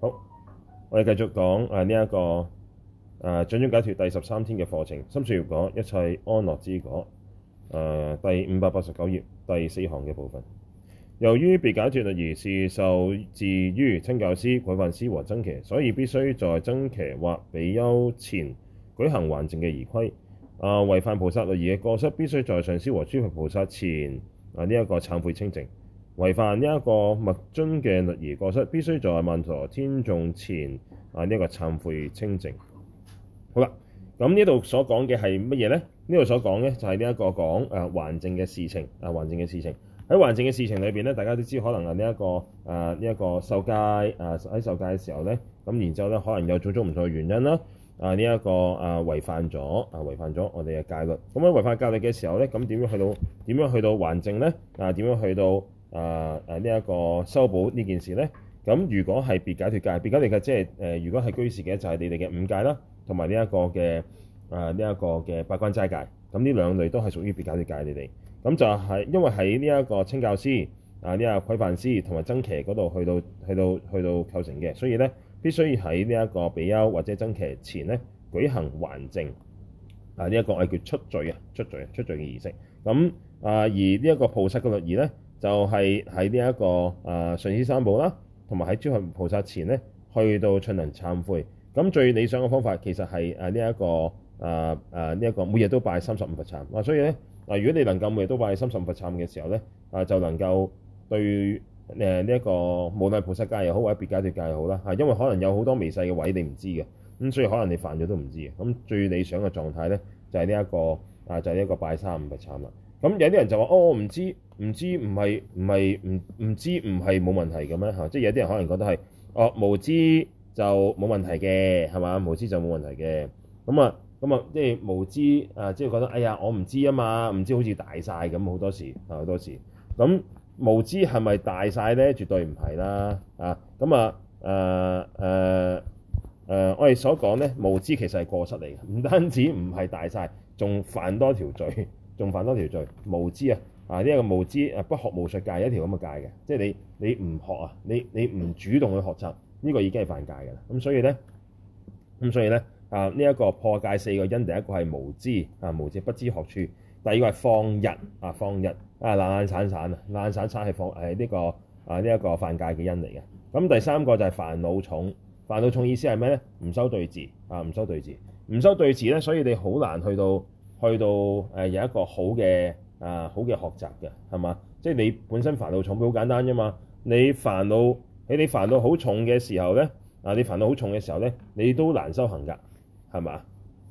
好，我哋繼續講誒呢一個誒掌掌中解脫第十三天嘅課程，深信業果一切安樂之果誒、呃、第五百八十九頁第四行嘅部分。由於別解脫律儀是受自於親教師、軌範師和僧伽，所以必須在僧伽或比丘前舉行還淨嘅儀規。啊，違犯菩薩律儀嘅過失，必須在上師和諸佛菩薩前啊呢一個懺悔清淨。違犯呢一個密宗嘅律儀過失，必須在曼荼羅天眾前啊呢一個懺悔清淨。好啦，咁呢度所講嘅係乜嘢咧？呢度所講咧就係呢一個講啊還淨嘅事情，啊還淨嘅事情。喺還淨嘅事情裏邊咧，大家都知，可能啊呢一個受戒啊，喺受戒嘅時候咧，咁然之後咧可能有種種唔同嘅原因啦，啊呢一個啊違犯咗啊違犯咗我哋嘅戒律。咁喺違犯戒律嘅時候咧，咁點樣去到點樣去到還淨咧？啊點樣去到？啊誒呢一個修補呢件事咧，咁如果係別解脫戒別解脫戒，即係誒，如果係居士嘅就係你哋嘅五戒啦，同埋呢一個嘅啊呢一個嘅八關齋戒。咁呢兩類都係屬於別解脫戒你哋。咁就係因為喺呢一個親教師啊呢個軌範師同埋僧伽嗰度去到去到去到構成嘅，所以咧必須要喺呢一個比丘或者僧伽前咧舉行還淨啊呢一個係叫出罪啊出罪啊出罪嘅儀式。咁啊而呢一個菩薩嗰律儀咧，就係喺呢一個啊《上、呃、師三寶》啦，同埋喺諸行菩薩前咧，去到寸能懺悔。咁最理想嘅方法其實係誒呢一個啊啊呢一個，啊啊這個、每日都拜三十五佛懺。哇！所以咧嗱，如果你能夠每日都拜三十五佛懺嘅時候咧，啊，就能夠對誒呢一個無論菩薩戒又好，或者別解脫戒又好啦，係因為可能有好多微細嘅位置你唔知嘅，咁所以可能你犯咗都唔知嘅。咁最理想嘅狀態咧就係呢一個啊，就係呢一個拜三十五佛懺啦。咁有啲人就話：哦，我唔知道。唔知唔係唔係唔唔知唔係冇問題咁樣嚇？即係有啲人可能覺得係哦，無知就冇問題嘅係嘛？無知就冇問題嘅咁啊咁啊，即係無知啊，即係覺得哎呀，我唔知啊嘛，唔知好似大晒咁好多時啊，好、嗯、多時咁、嗯、無知係咪大晒咧？絕對唔係啦啊！咁啊誒誒誒，我哋所講咧，無知其實係過失嚟嘅，唔單止唔係大晒，仲犯多條罪，仲犯,犯多條罪，無知啊！啊！呢、這、一個無知不學無術戒一條咁嘅戒嘅，即係你你唔學啊，你你唔主動去學習，呢、這個已經係犯戒嘅啦。咁、嗯、所以咧，咁、嗯、所以咧啊，呢、這、一個破戒四個因，第一個係無知啊，無知不知學處；第二個係放逸，啊，放逸，啊，懶散散，散，散放啊，懶散散係放係呢個啊呢一、這個犯戒嘅因嚟嘅。咁、啊、第三個就係煩惱重，煩惱重意思係咩咧？唔修對治，啊，唔修對治，唔修對治咧，所以你好難去到去到、啊、有一個好嘅。啊，好嘅學習嘅係嘛？即係你本身煩惱重，好簡單啫嘛。你煩惱喺你煩惱好重嘅時候咧，啊，你煩惱好重嘅時候咧，你都難修行㗎，係嘛？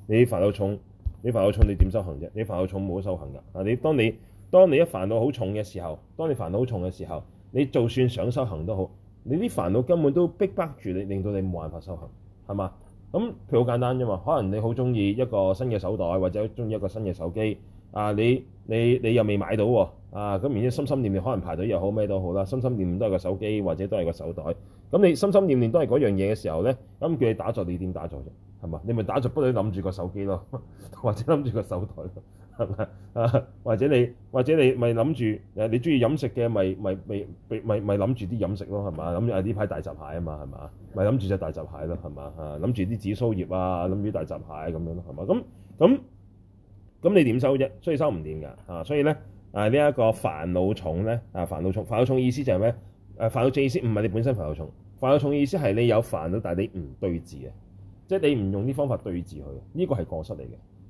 你煩惱重，你煩惱重，你點修行啫？你煩惱重冇得修行㗎。啊，你當你當你一煩惱好重嘅時候，當你煩惱好重嘅時候，你就算想修行都好，你啲煩惱根本都逼迫住你，令到你冇辦法修行，係嘛？咁譬如好簡單啫嘛。可能你好中意一個新嘅手袋，或者中意一個新嘅手機，啊，你。你你又未買到喎啊！咁然之心心念念可能排隊又好咩都好啦，心心念念都係個手機或者都係個手袋。咁你心心念念都係嗰樣嘢嘅時候咧，咁叫你打坐，你點打坐啫？係嘛？你咪打坐，不斷諗住個手機咯，或者諗住個手袋咯，係咪啊？或者你或者你咪諗住誒你中意飲食嘅咪咪咪咪咪諗住啲飲食咯，係嘛？諗住啊呢排大閘蟹啊嘛，係嘛？咪諗住隻大閘蟹咯，係嘛啊？諗住啲紫蘇葉啊，諗住啲大閘蟹咁樣咯，係嘛？咁咁。咁你點收啫？所以收唔掂㗎，啊！所以咧，啊呢一個煩惱重咧，啊煩惱重，煩惱重意思就係咩？誒煩惱重意思唔係你本身煩惱重，煩惱重意思係你有煩惱，但係你唔對治嘅，即係你唔用啲方法對治佢，呢個係過失嚟嘅。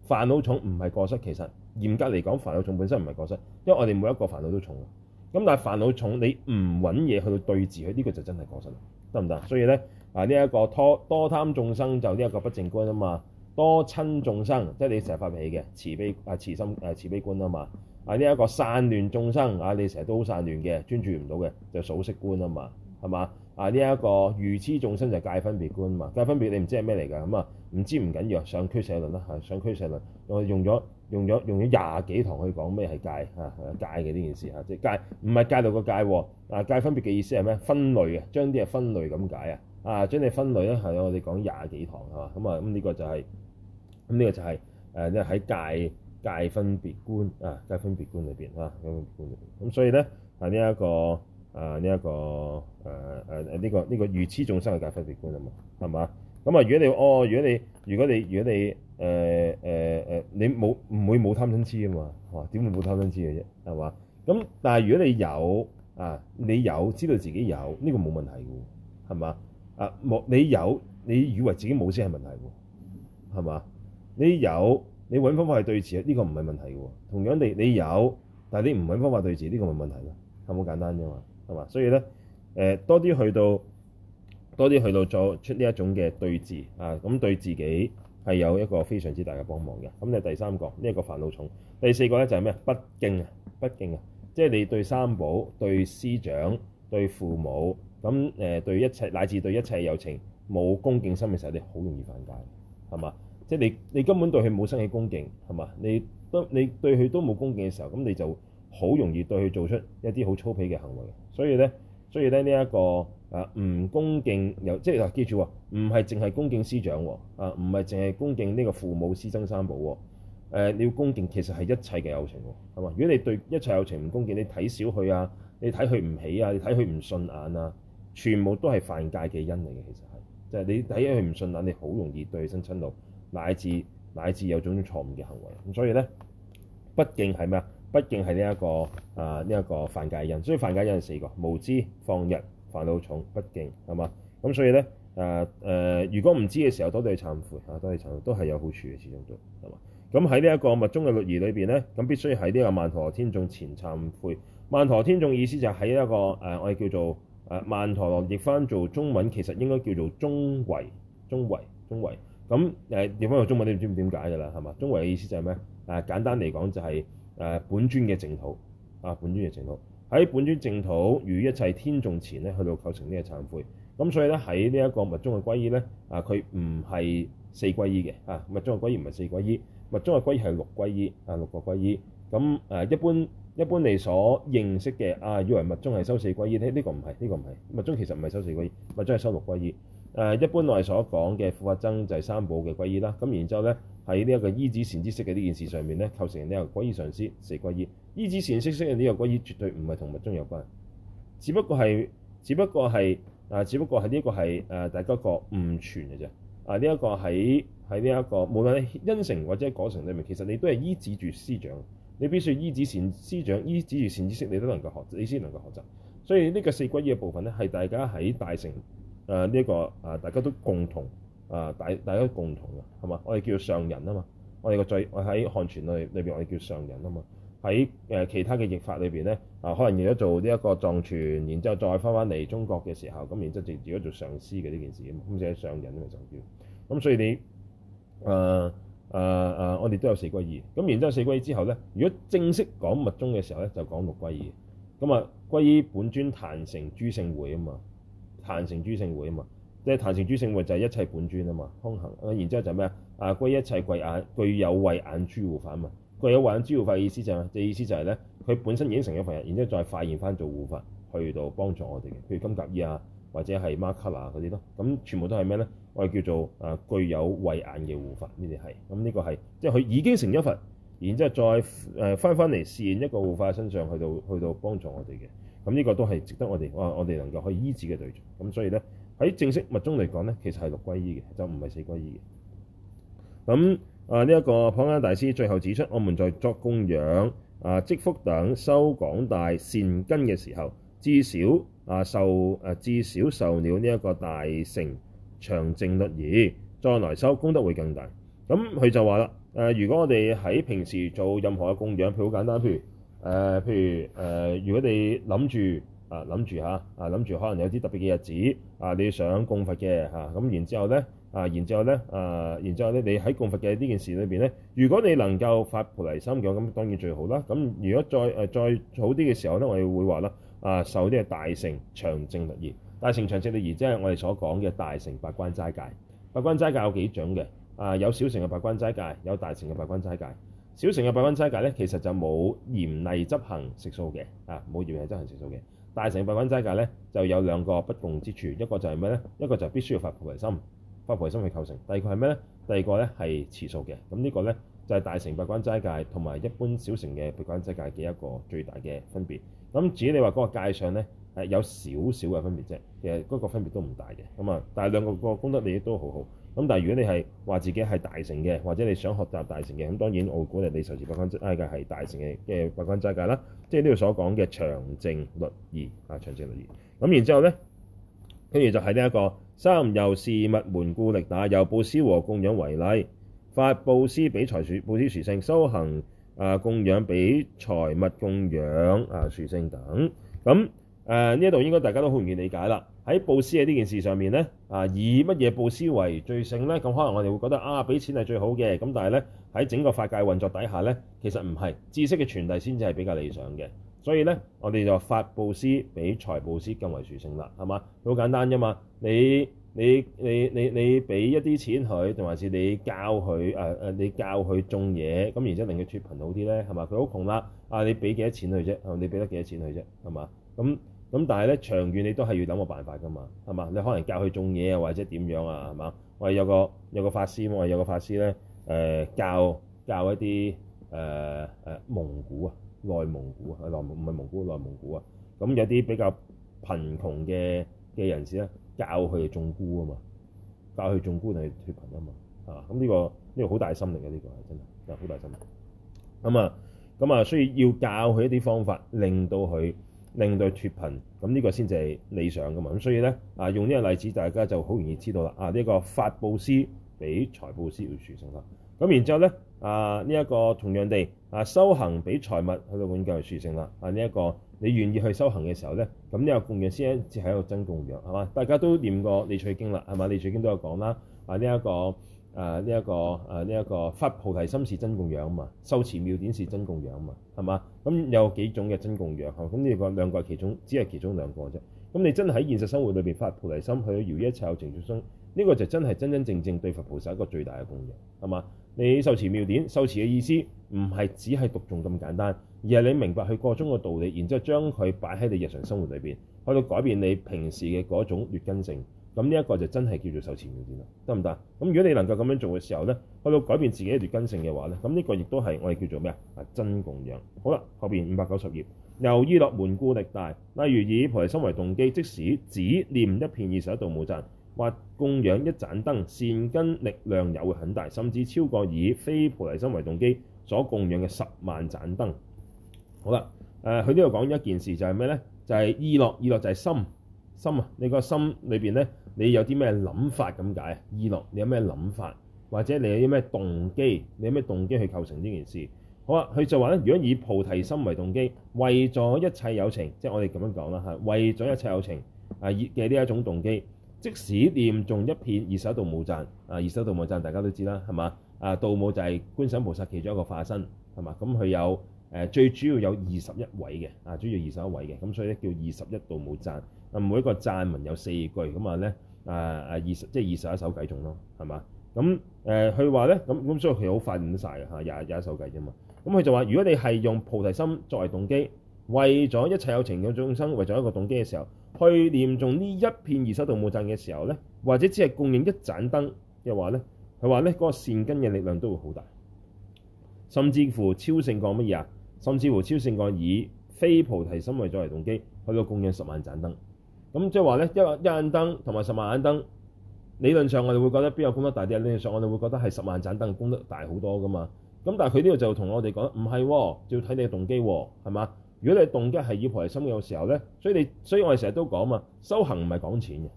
煩惱重唔係過失，其實嚴格嚟講，煩惱重本身唔係過失，因為我哋每一個煩惱都重嘅。咁但係煩惱重你唔揾嘢去對治佢，呢個就真係過失啦，得唔得？所以咧，啊呢一個多多貪眾生就呢一個不正觀啊嘛。多親眾生，即係你成日發脾氣嘅慈悲啊，慈心誒慈，慈悲觀啊嘛。啊呢一、這個散亂眾生啊，你成日都好散亂嘅，專注唔到嘅，就數息觀啊嘛，係嘛？啊呢一、這個愚痴眾生就界分別觀啊嘛，界分別你唔知係咩嚟㗎咁啊，唔、嗯、知唔緊要，上俱舍論啦係，上俱舍論我哋用咗用咗用咗廿幾堂去講咩係界嚇界嘅呢件事嚇，即係界唔係戒到個界喎，啊界、啊、分別嘅意思係咩？分類，將分類啊，將啲嘢分類咁解啊，啊將你分類啦係，我哋講廿幾堂係嘛，咁啊咁呢個就係、是。咁呢個就係、是、誒，呢個喺界界分別觀啊，界分別觀裏邊啊，界分別觀裏邊咁、啊，所以咧啊，呢、這、一個啊，呢、呃、一、這個誒誒誒，呢、呃這個呢、這個愚痴眾生嘅界分別觀啊嘛，係嘛？咁、嗯、啊，如果你哦，如果你如果你如果你誒誒誒，你冇唔會冇貪嗔痴啊嘛，係嘛？點會冇貪嗔痴嘅啫？係嘛？咁但係如果你有啊，你有知道自己有呢、這個冇問題嘅，係嘛？啊，冇你有你以為自己冇先係問題喎，係嘛？你有你揾方法去對峙，呢、這個唔係問題嘅喎。同樣地，你有，但係你唔揾方法對峙，呢、這個係問題咯，係好簡單啫嘛，係嘛？所以咧，誒、呃、多啲去到多啲去到做出呢一種嘅對峙啊，咁對自己係有一個非常之大嘅幫忙嘅。咁你第三個呢一、這個煩惱重，第四個咧就係咩不敬啊，不敬啊，即係你對三寶、對師長、對父母，咁誒、呃、對一切乃至對一切友情冇恭敬心嘅時候，你好容易犯戒，係嘛？即係你，你根本對佢冇生起恭敬係嘛？你都你對佢都冇恭敬嘅時候，咁你就好容易對佢做出一啲好粗鄙嘅行為。所以咧，所以咧呢一個啊唔恭敬，又即係、啊、記住唔係淨係恭敬師長喎，啊唔係淨係恭敬呢個父母師僧三寶喎、啊。你要恭敬其實係一切嘅友情係嘛？如果你對一切友情唔恭敬，你睇小佢啊，你睇佢唔起啊，你睇佢唔順眼啊，全部都係犯戒嘅因嚟嘅。其實係就係、是、你睇佢唔順眼，你好容易對佢生嗔怒。乃至乃至有種種錯誤嘅行為，咁所以咧，畢竟係咩啊？畢竟係呢一個啊呢一個犯戒因。所以犯戒因係四個無知放逸、煩惱重、不敬。係嘛？咁所以咧誒、誒，如果唔知嘅時候，多對懺悔啊，多對懺悔都係有好處嘅，始終都係嘛。咁喺呢一個密宗嘅律儀裏邊咧，咁必須喺呢個曼陀天眾前懺悔。曼陀天眾意思就係喺一個誒、呃，我哋叫做誒、呃、曼陀羅，譯翻做中文其實應該叫做中維、中維、中維。中咁誒，認翻個中文你唔知點解㗎啦，係嘛？中文嘅意思就係咩？誒，簡單嚟講就係誒本尊嘅淨土啊，本尊嘅淨土喺本尊淨土與一切天眾前咧，去到構成呢個懺悔。咁所以咧喺呢一個密宗嘅皈依咧，啊，佢唔係四皈依嘅啊，密宗嘅皈依唔係四皈依，密宗嘅皈依係六皈依啊，六個皈依。咁誒一般一般你所認識嘅啊，以為密宗係修四皈依咧，呢個唔係，呢個唔係。密宗其實唔係修四皈依，密宗係修六皈依。誒一般我哋所講嘅佛法僧就係三寶嘅歸依啦。咁然之後咧，喺呢一個依止善知識嘅呢件事上面咧，構成呢個歸依上師四歸依。依止善知識識嘅呢個歸依絕對唔係同物中有關，只不過係只不過係啊，只不過係呢一個係誒大家個誤傳嘅啫。啊、這個，呢一、這個喺喺呢一個無論因乘或者果乘裏面，其實你都係依止住師長，你必須依止善師長，依止住善知識，你都能夠學，你先能夠學習。所以呢個四歸依嘅部分咧，係大家喺大乘。誒呢一個啊，大家都共同啊、呃，大家大家都共同嘅，係嘛？我哋叫上人啊嘛，我哋個罪，我喺漢傳裏裏邊，我哋叫上人啊嘛。喺誒其他嘅譯法裏邊咧，啊、呃、可能如果做呢一個藏傳，然之後再翻翻嚟中國嘅時候，咁然之後就如果做上師嘅呢件事，咁就係上人嚟就叫。咁所以你誒誒誒，我哋都有四歸二，咁然之後四歸二之後咧，如果正式講密宗嘅時候咧，就講六歸二。咁啊，歸於本尊壇城諸聖會啊嘛。壇城諸聖會啊嘛，即係壇城諸聖會就係一切本尊啊嘛，空行啊，然之後就咩啊？啊，歸一切慧眼，具有慧眼諸護法啊嘛，具有慧眼諸護法意思就係、是、咩？即意思就係咧，佢本身已經成咗佛，然之後再發現翻做護法，去到幫助我哋嘅，譬如金甲依啊，或者係 m a r k l 嗰啲咯，咁、啊、全部都係咩咧？我哋叫做啊具有慧眼嘅護法，呢啲係，咁、嗯、呢、這個係即係佢已經成咗佛，然之後再誒翻返嚟試驗一個護法身上去到去到幫助我哋嘅。咁呢個都係值得我哋我哋能夠可以醫治嘅對象。咁所以咧，喺正式密宗嚟講咧，其實係六歸依嘅，就唔係四歸依嘅。咁啊，呢、這、一個帕繃喀大師最後指出，我們在作供養啊、積福等修廣大善根嘅時候，至少啊受誒、啊、至少受了呢一個大乘長淨律儀，再來修功德會更大。咁佢就話啦、啊，如果我哋喺平時做任何嘅供養，譬如好簡單，譬如。誒，譬如誒，如果你諗住啊，諗住嚇啊，諗住可能有啲特別嘅日子啊，你要想供佛嘅，咁然之後咧啊，然之後咧啊，啊，然之後咧，你、啊、喺、啊、供佛嘅呢件事裏面咧，如果你能夠發菩提心講，咁當然最好啦。咁如果再、啊、再好啲嘅時候咧，我哋會話啦啊，受啲嘅大乘長淨律儀，大乘長淨律儀即係我哋所講嘅大乘八關齋戒。八關齋戒有幾種嘅啊，有小乘嘅八關齋戒，有大乘嘅八關齋戒。小乘嘅八關齋戒咧，其實就冇嚴厲執行食素嘅，啊冇嚴厲執行食素嘅。大乘八關齋戒咧就有兩個不共之處，一個就係咩咧？一個就必須要發菩提心，發菩提心去構成。第二個係咩咧？第二個咧係持素嘅。咁呢個咧就係大乘八關齋戒同埋一般小乘嘅八關齋戒嘅一個最大嘅分別。咁至於你話嗰個界上咧，係有少少嘅分別啫，其實嗰個分別都唔大嘅。咁啊，但係兩個個功德利益都好好。咁但係如果你係話自己係大乘嘅，或者你想學習大乘嘅，咁當然我會鼓勵你受持八關齋戒嘅係大乘嘅嘅八關齋戒啦。即係呢度所講嘅長淨律儀啊，長淨律儀。咁然之後咧，跟住就係呢一個三，由事物門故力大，由布施和供養為例，法布施比財樹布施殊勝，修行啊供養比財物供養啊殊勝等。咁誒呢一度應該大家都好容易理解啦。喺佈施喺呢件事上面咧，啊以乜嘢佈施為最勝咧？咁可能我哋會覺得啊，俾錢係最好嘅。咁但係咧，喺整個法界運作底下咧，其實唔係知識嘅傳遞先至係比較理想嘅。所以咧，我哋就話法佈施比財佈施更為殊勝啦，係嘛？好簡單啫嘛，你你你你你俾一啲錢佢，定還是你教佢誒誒，你教佢種嘢，咁然之後令佢脫貧好啲咧，係嘛？佢好窮啦，啊你俾幾多錢佢啫？係你俾得幾多錢佢啫？係嘛？咁。咁但係咧，長遠你都係要諗個辦法㗎嘛，係嘛？你可能教佢種嘢啊，或者點樣啊，係嘛？我有個有個法師，我係有個法師咧，誒、呃、教教一啲誒誒蒙古啊，內蒙古啊，內蒙唔係蒙古內蒙古啊，咁、嗯、有啲比較貧窮嘅嘅人士咧，教佢種菇啊嘛，教佢種菇定係脫貧啊嘛，係嘛？咁呢、呢個呢、呢個好大心力嘅呢個係真係，就好大心力。咁啊咁啊，所以要教佢一啲方法，令到佢。令到脫貧，咁呢個先至係理想噶嘛，咁所以咧啊，用呢個例子，大家就好容易知道啦。啊，呢一個法布施俾財布施要殊勝啦，咁然之後咧啊，呢一個同樣地啊，修行俾財物去到永舊嚟殊勝啦。啊，呢一個你願意去修行嘅時候咧，咁呢個共業先至一個真共業，係嘛？大家都念過李經《李翠經》啦，係嘛？《李翠經》都有講啦，啊，呢一個誒呢一個誒呢一個發菩提心是真供養啊嘛，修持妙典是真供養啊嘛，係嘛？咁有幾種嘅真供養？咁、嗯、呢、這個兩個其中只係其中兩個啫。咁、嗯、你真喺現實生活裏面，發菩提心，去超越一切有情眾生，呢、這個就真係真真正正對佛菩薩一個最大嘅供養，係嘛？你修持妙典，修持嘅意思唔係只係讀誦咁簡單，而係你明白佢箇中嘅道理，然之後將佢擺喺你日常生活裏面，可以改變你平時嘅嗰種劣根性。咁呢一個就真係叫做受持妙典咯，得唔得啊？咁如果你能夠咁樣做嘅時候呢，去到改變自己一段根性嘅話咧，咁呢個亦都係我哋叫做咩啊？真供養。好啦，後邊五百九十頁，由意樂門故力大，例如以菩提心為動機，即使只念一遍二十一度母讚，或供養一盞燈，善根力量又會很大，甚至超過以非菩提心為動機所供養嘅十萬盞燈。好啦，誒、呃，佢呢度講一件事就係咩呢？就係意樂意樂就係心心啊！你個心裏邊呢。你有啲咩諗法咁解二依落你有咩諗法，或者你有啲咩動機？你有咩動機去構成呢件事？好啊，佢就話咧，如果以菩提心為動機，為咗一切有情，即係我哋咁樣講啦嚇，為咗一切有情啊，嘅呢一種動機，即使念誦一遍二十一度母讚啊，二十一度母讚大家都知啦，係嘛啊？度母就係觀世菩薩其中一個化身，係嘛？咁佢有最主要有二十一位嘅啊，主要二十一位嘅，咁所以咧叫二十一度母讚啊，每一個讚文有四句咁啊咧。誒誒、啊、二十即係二十一首偈中咯，係嘛？咁誒佢話咧，咁、呃、咁所以佢好發現晒嘅廿廿一首偈啫嘛。咁佢就話，如果你係用菩提心作為動機，為咗一切有情有眾生為咗一個動機嘅時候，去念誦呢一遍二十一度母贊嘅時候咧，或者只係供養一盞燈嘅話咧，佢話咧嗰個善根嘅力量都會好大，甚至乎超勝過乜嘢啊？甚至乎超勝過以非菩提心為作為動機去到供養十萬盞燈。咁即係話咧，一一眼燈同埋十萬眼燈，理論上我哋會覺得邊有功德大啲？理論上我哋會覺得係十萬盞燈功德大好多噶嘛。咁但係佢呢度就同我哋講唔係，哦、就要睇你動機係、哦、嘛？如果你動機係以菩提心嘅時候咧，所以你所以我哋成日都講嘛，修行唔係講錢嘅，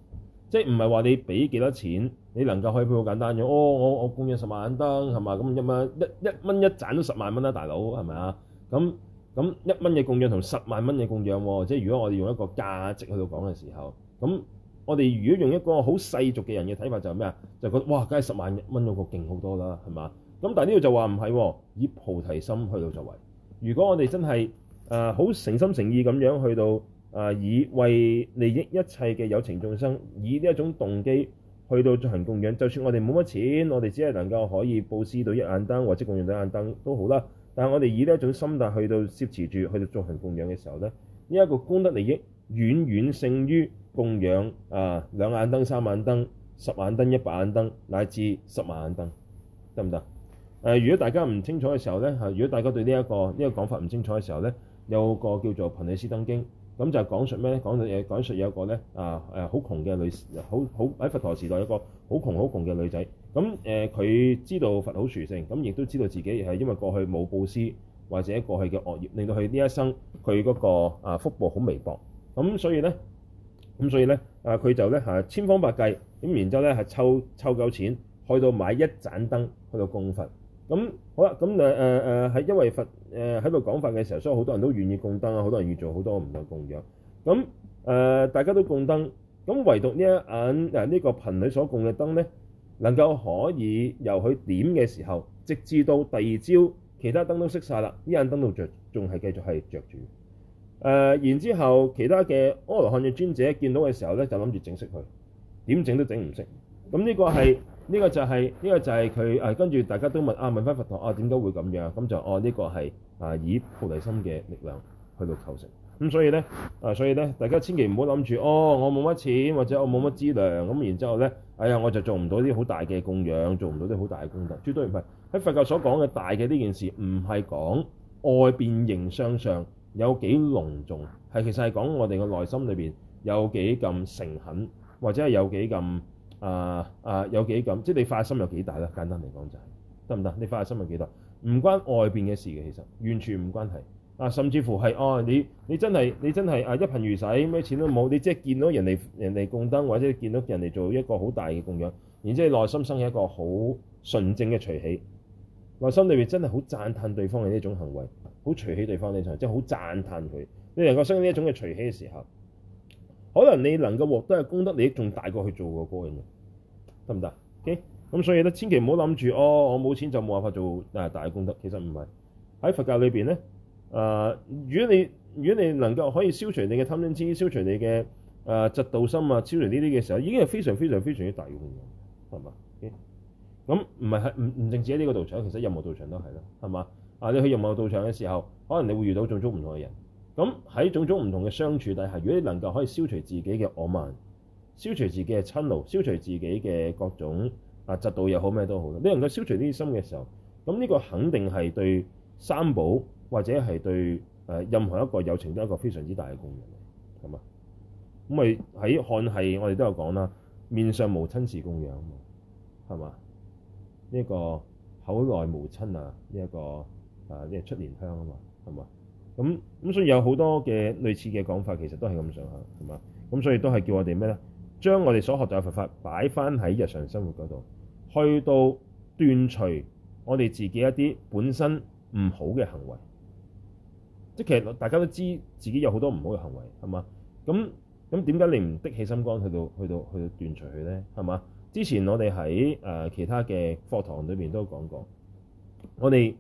即係唔係話你俾幾多錢你能夠可以配好簡單嘅。哦，我我供咗十萬眼燈係嘛？咁一蚊一一蚊一盞都十萬蚊、啊、啦，大佬係咪啊？咁。咁一蚊嘅供養同十萬蚊嘅供養喎、哦，即係如果我哋用一個價值去到講嘅時候，咁我哋如果用一個好世俗嘅人嘅睇法就係咩啊？就覺得哇，梗係十萬蚊嗰個勁好多啦，係嘛？咁但係呢度就話唔係，以菩提心去到作為。如果我哋真係誒好誠心誠意咁樣去到誒、呃、以為利益一切嘅有情眾生，以呢一種動機去到進行供養，就算我哋冇乜錢，我哋只係能夠可以布施到一盞燈或者供養到一盞燈都好啦。但係我哋以呢一種心態去到攝持住去到進行供養嘅時候咧，呢、這、一個功德利益遠遠勝於供養啊兩眼燈三眼燈十眼燈一百眼燈乃至十萬眼燈得唔得？誒、啊，如果大家唔清楚嘅時候咧，嚇、啊，如果大家對呢、這、一個呢、這個講法唔清楚嘅時候咧，有個叫做《貧女施燈經》講，咁就講述咩咧？講嘅嘢講述有一個咧啊誒、啊、好窮嘅女好好喺佛陀時代有一個好窮好窮嘅女仔。咁誒，佢知道佛好殊勝，咁亦都知道自己係因為過去冇布施或者過去嘅惡業，令到佢呢一生佢嗰個啊福報好微薄。咁所以咧，咁所以咧佢就咧千方百計，咁然之後咧係抽抽夠錢，去到買一盞燈，去到供佛。咁好啦，咁誒誒喺因為佛誒喺度講法嘅時候，所以好多人都願意供燈啊，好多人預做好多唔同供養。咁誒、呃，大家都供燈，咁唯獨呢一眼誒呢、呢個貧女所供嘅燈咧。能夠可以由佢點嘅時候，直至到第二朝，其他燈都熄晒啦，呢盞燈都著，仲係繼續係着住。誒、呃，然之後其他嘅阿羅漢嘅尊者見到嘅時候咧，就諗住整熄佢，點整都整唔熄。咁、嗯、呢、這個係呢、這個就係、是、呢、這個就係佢誒跟住大家都問啊問翻佛陀啊點解會咁樣？咁就哦呢個係啊以菩提心嘅力量去到構成。咁、嗯、所以咧啊，所以咧大家千祈唔好諗住哦，我冇乜錢或者我冇乜資糧咁，然之後咧。係啊、哎，我就做唔到啲好大嘅供養，做唔到啲好大嘅功德。絕對唔係喺佛教所講嘅大嘅呢件事，唔係講外邊形相上有幾隆重，係其實係講我哋嘅內心裏邊有幾咁誠懇，或者係有幾咁啊啊有幾咁，即係你發心有幾大啦。簡單嚟講就係得唔得？你發心有幾大？唔關外邊嘅事嘅，其實不的的完全唔關係。啊，甚至乎係哦、啊，你你真係你真係啊，一貧如洗，咩錢都冇。你即係見到人哋人哋供燈，或者見到人哋做一個好大嘅供養，然之後內心生起一個好純正嘅隨喜，內心裏邊真係好讚歎對方嘅呢一種行為，好隨喜對方，你才即係好讚歎佢。你能夠生呢一種嘅隨喜嘅時候，可能你能夠獲得嘅功德利益仲大過去做個個人，得唔得？OK，咁所以咧，千祈唔好諗住哦，我冇錢就冇辦法做啊大功德。其實唔係喺佛教裏邊咧。誒、呃，如果你如果你能夠可以消除你嘅貪嗔痴，消除你嘅誒嫉妒心啊，消除呢啲嘅時候，已經係非常非常非常之大嘅幫助，係嘛？咁唔係係唔唔淨止喺呢個道場，其實任何道場都係啦，係嘛？啊，你去任何道場嘅時候，可能你會遇到種種唔同嘅人。咁喺種種唔同嘅相處底下，如果你能夠可以消除自己嘅我慢，消除自己嘅嗔怒，消除自己嘅各種啊嫉妒又好咩都好啦，你能夠消除呢啲心嘅時候，咁呢個肯定係對三寶。或者係對、呃、任何一個友情都係一個非常之大嘅供養，係嘛？咁咪喺漢系我哋都有講啦，面上無親自供養嘛，係嘛，呢一個口外無親啊，呢、這、一個啊、這個、出年香啊嘛，係嘛，咁咁，所以有好多嘅類似嘅講法，其實都係咁上下，係嘛，咁，所以都係叫我哋咩咧？將我哋所學到嘅佛法擺翻喺日常生活嗰度，去到斷除我哋自己一啲本身唔好嘅行為。即其實大家都知自己有好多唔好嘅行為，係嘛？咁咁點解你唔的起心肝去到去到去到斷除佢咧？係嘛？之前我哋喺誒其他嘅課堂裏邊都講過，我哋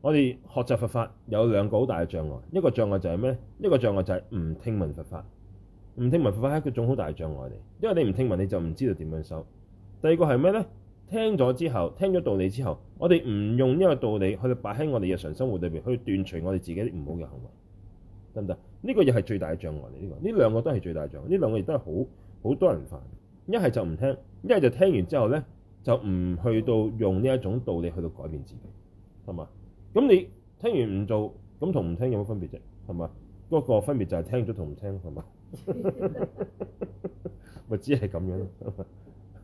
我哋學習佛法有兩個好大嘅障礙，一個障礙就係咩咧？一個障礙就係唔聽聞佛法，唔聽聞佛法係一種好大嘅障礙嚟，因為你唔聽聞你就唔知道點樣修。第二個係咩咧？聽咗之後，聽咗道理之後，我哋唔用呢個道理去到擺喺我哋日常生活裏邊，去斷除我哋自己啲唔好嘅行為，得唔得？呢個又係最大嘅障礙嚟。呢個呢兩個都係最大障礙。呢兩個亦都係好好多人犯。一係就唔聽，一係就聽完之後呢，就唔去到用呢一種道理去到改變自己，係嘛？咁你聽完唔做，咁同唔聽有乜分別啫？係嘛？嗰個分別就係聽咗同唔聽，係嘛？咪只係咁樣咯，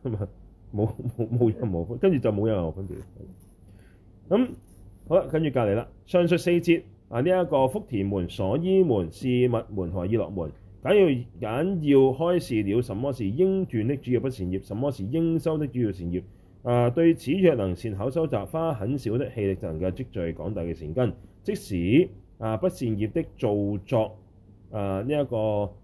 係嘛？冇冇冇任何，跟住就冇任何分別。咁好啦，跟住隔離啦。上述四節啊，呢、這、一個福田門、所依門、事物門和意樂門，簡要簡要開示了什麼是應斷的主要不善業，什麼是應修的主要善業。啊，對此若能善巧修習，花很少的氣力就能夠積聚廣大嘅善根。即使啊不善業的造作啊呢一、這個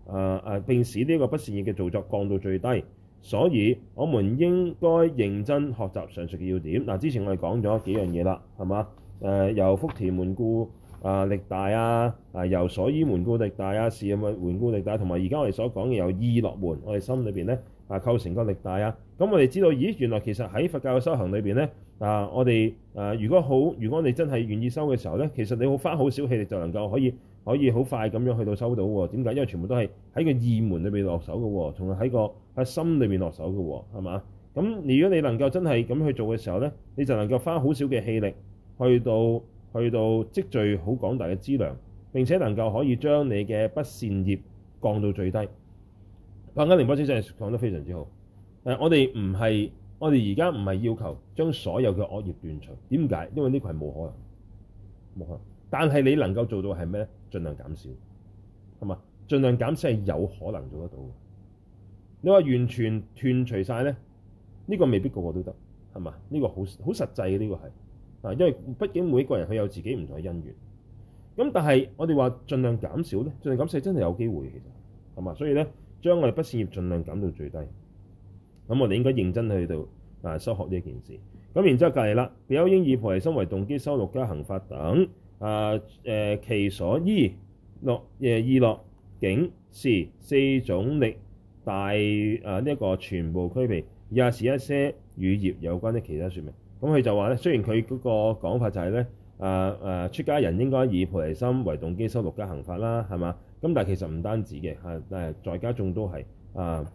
啊啊並使呢個不善業嘅造作降到最低。所以我們應該認真學習上述嘅要點。嗱，之前我哋講咗幾樣嘢啦，係嘛？誒、呃，由福田門故啊、呃、力大啊，啊、呃、由所依門故力大啊，事啊嘛，門故力大，同埋而家我哋所講嘅有意樂門，我哋心裏邊咧啊構成個力大啊。咁我哋知道，咦，原來其實喺佛教嘅修行裏邊咧，啊，我哋誒、啊、如果好，如果你真係願意修嘅時候咧，其實你好花好少氣力就能夠可以。可以好快咁樣去到收到喎？點解？因為全部都係喺個意門裏邊落手嘅喎，仲係喺個喺心裏邊落手嘅喎，係嘛？咁如果你能夠真係咁去做嘅時候呢，你就能夠花好少嘅氣力去到去到積聚好廣大嘅資糧，並且能夠可以將你嘅不善業降到最低。帕繃喀仁波切真係講得非常之好。誒，我哋唔係我哋而家唔係要求將所有嘅惡業斷除。點解？因為呢個係冇可能冇可能。但係你能夠做到係咩咧？儘量減少，係嘛？儘量減少係有可能做得到嘅。你話完全斷除晒咧，呢個未必個個都得，係嘛？呢個好好實際嘅呢個係啊，因為畢竟每一個人佢有自己唔同嘅因緣。咁但係我哋話儘量減少咧，儘量減少真係有機會其實，係嘛？所以咧，將我哋不善業儘量減到最低。咁我哋應該認真去到啊修學呢一件事。咁然之後計啦，比丘以菩提心為動機修六加行法等。啊誒，呃、其所依樂，誒，意樂境事四種力大，啊呢一個全部區別，以下是一些與業有關的其他説明。咁，嗯、佢就話咧，雖然佢嗰個講法就係、是，咧、啊、呃、啊、呃、出家人應該以菩提心為動機修六加行法啦，係嘛？咁但係其實唔單止嘅，係但係在家眾都係啊、呃，